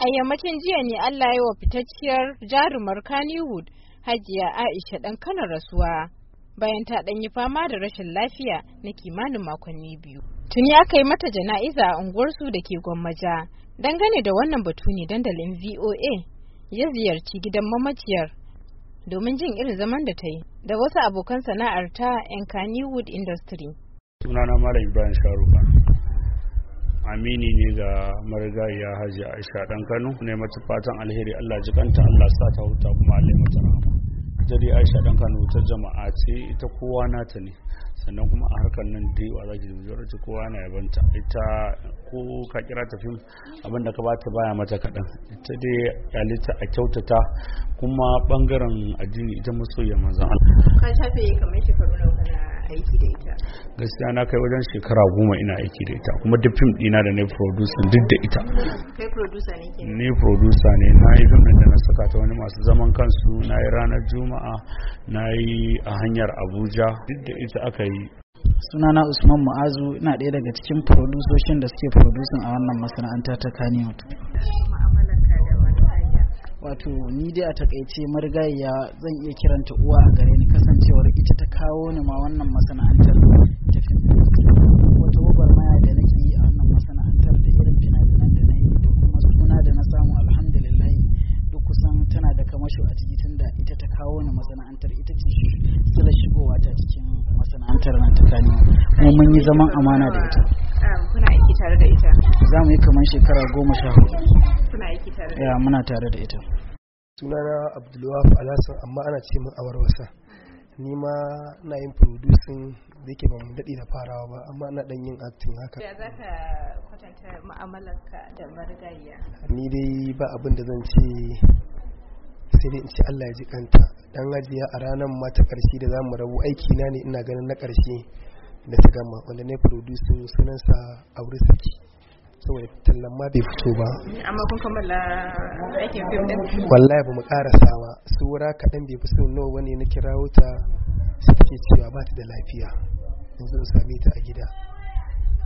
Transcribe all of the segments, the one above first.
A yammacin jiya ne Allah ya wa fitacciyar jarumar Kannywood Hajiya Aisha ɗan kanar rasuwa bayan ta ɗanyi fama da rashin lafiya na kimanin makonni biyu. Tuni aka yi mata jana'iza a unguwarsu da ke gwammaja. Dangane da wannan batu ne dandalin VOA ya ziyarci gidan mamaciyar domin jin irin zaman da ta yi da wasu abokan sana'ar ta 'yan Kannywood Industry. Sunana Malam Ibrahim amini ne ga marigayiya hajji aisha dan kano ne mata alheri allah jikanta allah sa ta huta kuma allah mata rahama aisha dan kano ta jama'a ce ita kowa nata ne sannan kuma a harkar nan dai wa zaki da ta kowa na yabanta ita ko ka kira ta fim abin da ka bata baya mata kaɗan ita dai yalita a kyautata kuma bangaren addini ita masoyar manzon Allah ka shafe kamar shekaru nawa gaskiya na kai wajen shekara goma ina aiki da ita kuma duk fim dina da na producer duk da ita kai producer ne ne na yi fim da na saka ta wani masu zaman kansu na yi ranar juma'a na yi a hanyar abuja duk da ita aka yi sunana usman mu'azu ina ɗaya daga cikin producers da suke producing a wannan masana'anta ta kaniyot wato ni dai a takaice marigayya zan iya kiranta uwa a gare ni kasancewar ita ta kawo ni ma wannan masana'antar ta fim wata gubar maya da nake yi a wannan masana'antar da irin fina-finan da na yi da kuma suna da na samu alhamdulillah duk kusan tana da kamasho a ciki tunda ita ta kawo ni masana'antar ita ce sila shigowa ta cikin masana'antar na ta kani kuma mun yi zaman amana da ita kuna aiki tare da ita za mu yi kamar shekara goma sha hudu ya muna tare da ita sunana abdulwaf alhassan amma ana ce min awar wasa ni ma na yin producing da yake ba mu daɗe da farawa ba amma ana ɗan yin acting haka ya za ka kwatanta mu'amalarka da marigayya ni dai ba abin da zan ce sai dai in ci Allah ya ji kanta dan hajiya a ranar ma ta ƙarshe da zamu rabu aiki na ne ina ganin na ƙarshe da ta gama wanda ne producing sunansa aure saki saboda tallan ma bai fito ba amma kun kammala aikin fim din wallahi ba mu karasa ba sura kaɗan bai fito nawa wani na kirawo ta sai take cewa ba ta da lafiya yanzu in same ta a gida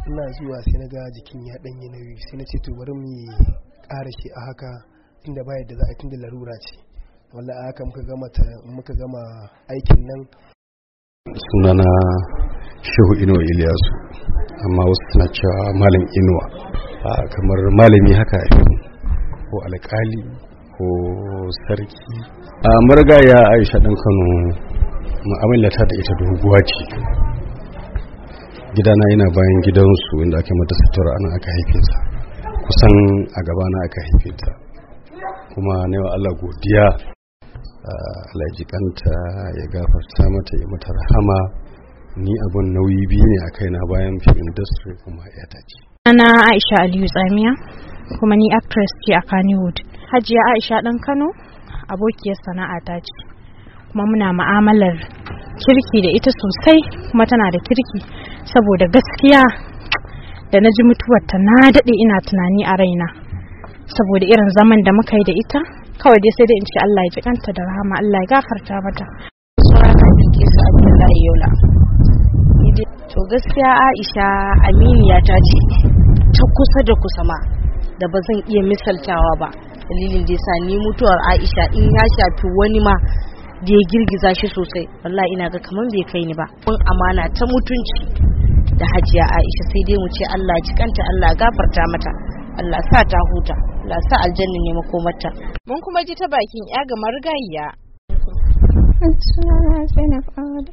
ina zuwa sai na ga jikin ya yi nauyi sai na ce to bari mu ƙara shi a haka inda ba yadda za a tunda larura ce wallahi a haka muka gama muka gama aikin nan sunana shehu ino iliyasu amma wasu suna cewa malam inuwa kamar malami haka ko alkali ko sarki a marigaya aisha ɗan kano ma'amalata da ita doguwa ce gidana yana bayan gidansu inda ake mata sutura ana aka haife ta kusan a gabana aka haife ta kuma newa Allah godiya alajikanta ya gafarta mata ya mata rahama ni abun nauyi biyu ne a kaina bayan film industry kuma yata ce ana aisha aliyu tsamiya kuma ni actress ce a kannywood hajiya aisha ɗan kano abokiyar sana'a ta ce kuma muna ma'amalar kirki da ita sosai kuma tana da kirki saboda gaskiya da na ji mutuwarta na daɗe ina tunani a raina saboda irin zaman da muka yi da ita kawai dai sai dai in ce Allah ya ji kanta da rahama Allah ya gafarta mata. Sura ta Bilkisu Abdullahi Yola. gaskiya Aisha aminiya ta ce ta kusa da kusa ma da ba zan iya misaltawa ba dalilin da yasa ni mutuwar Aisha in ya shafi wani ma da ya girgiza shi sosai wallahi ina ga kaman bai kai ni ba kun amana ta mutunci da hajiya Aisha sai dai mu ce Allah jikanta Allah gafarta mata Allah sa ta huta Allah sa aljanna ne mata mun kuma ji ta bakin ya ga margayya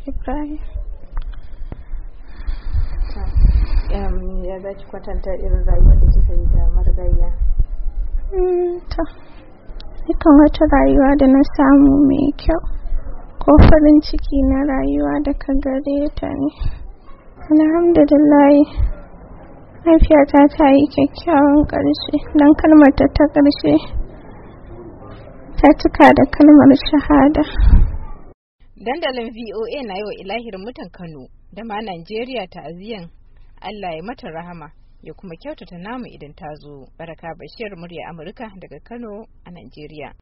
Ibrahim ya za ki kwatanta irin rayuwar da kika yi da mm, to wata rayuwa da na samu mai kyau ko farin ciki na rayuwa daga gare ta ne alhamdulillah mahaifiyata ta yi kyakkyawan ƙarshe don kalmar ta ta ƙarshe ta cika da kalmar shahada dandalin voa na yi wa ilahir mutan kano da ma najeriya aziyan. Allah ya mata rahama ya kuma kyautata namu idan ta zo. Baraka Bashir murya Amurka daga Kano a Najeriya.